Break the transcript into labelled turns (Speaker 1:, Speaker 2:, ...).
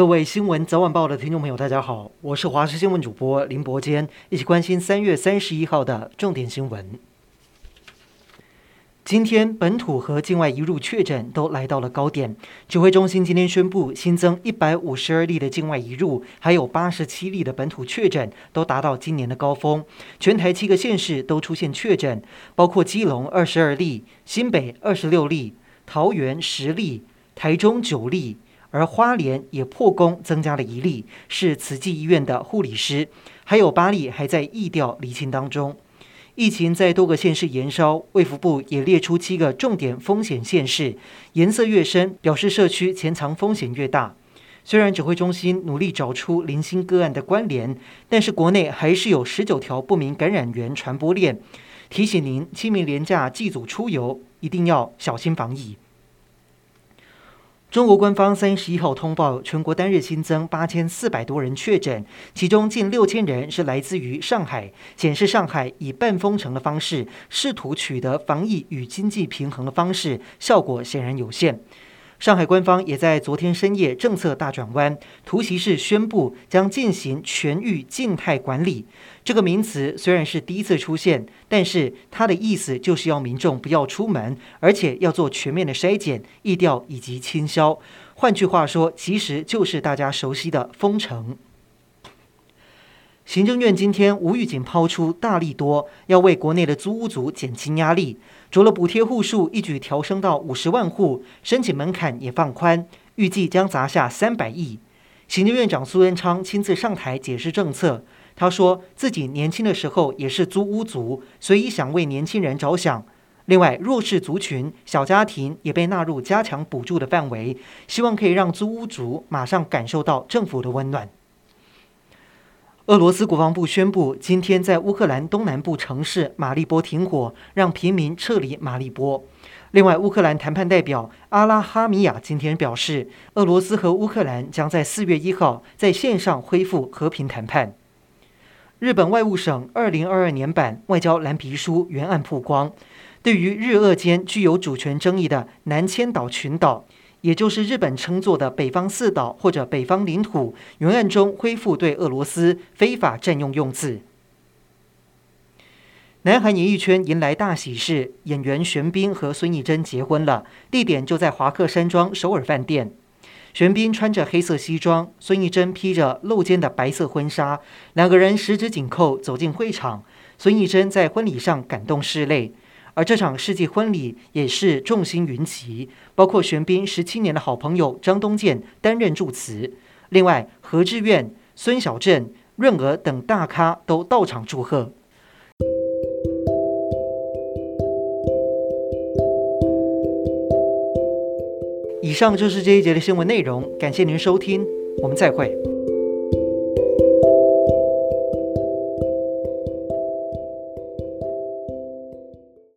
Speaker 1: 各位新聞早晚報的聽眾朋友，大家好，我是華視新聞主播林伯堅，一起關心三月三十一號的重點新聞。今天本土和境外移入確診都來到了高點，指揮中心今天宣布新增一百五十二例的境外移入，還有八十七例的本土確診，都達到今年的高峰。全台七個縣市都出現確診，包括基隆二十二例、新北二十六例、桃園十例、台中九例。而花蓮也破功增加了一例，是慈濟醫院的護理師，還有八例還在疫調釐清當中。疫情在多個縣市延燒，衛福部也列出七個重點風險縣市，顏色越深表示社區潛藏風險越大。雖然指揮中心努力找出零星個案的關聯，但是國內還是有十九條不明感染源傳播鏈。提醒您，清明連假祭祖出遊一定要小心防疫。中國官方三十一號通報，全國單日新增八千四百多人確診，其中近六千人是來自於上海，顯示上海以半封城的方式試圖取得防疫與經濟平衡的方式，效果顯然有限。上海官方也在昨天深夜政策大轉彎，突襲式宣布將進行全域靜態管理。這個名詞雖然是第一次出現，但是它的意思就是要民眾不要出門，而且要做全面的篩檢、疫調以及清消。換句話說，其實就是大家熟悉的封城。行政院今天無預警拋出大利多，要為國內的租屋族減輕壓力，除了補貼戶數一舉調升到五十萬戶，申請門檻也放寬，預計將砸下三百億。行政院長蘇貞昌親自上台解釋政策，他說自己年輕的時候也是租屋族，所以想為年輕人着想。另外弱勢族群、小家庭也被納入加強補助的範圍，希望可以讓租屋族馬上感受到政府的溫暖。俄羅斯國防部宣布，今天在烏克蘭東南部城市馬立波停火，讓平民撤離馬立波。另外，烏克蘭談判代表阿拉哈米亞今天表示，俄羅斯和烏克蘭將在四月一號在線上恢復和平談判。日本外務省二零二二年版外交藍皮書原案曝光，對於日俄間具有主權爭議的南千島群島。也就是日本稱作的北方四島或者北方領土，原案中恢復對俄羅斯非法占用用字。南韓演藝圈迎來大喜事，演員玄彬和孫藝珍結婚了，地點就在華克山莊首爾飯店。玄彬穿着黑色西裝，孫藝珍披着露肩的白色婚紗，兩個人十指緊扣走進會場。孫藝珍在婚禮上感動拭淚。而這場世紀婚禮也是眾星雲集，包括玄彬十七年的好朋友張東健擔任祝詞，另外河智苑、孫小鎮、潤娥等大咖都到場祝賀。以上就是這一節的新聞內容，感謝您收聽，我們再會。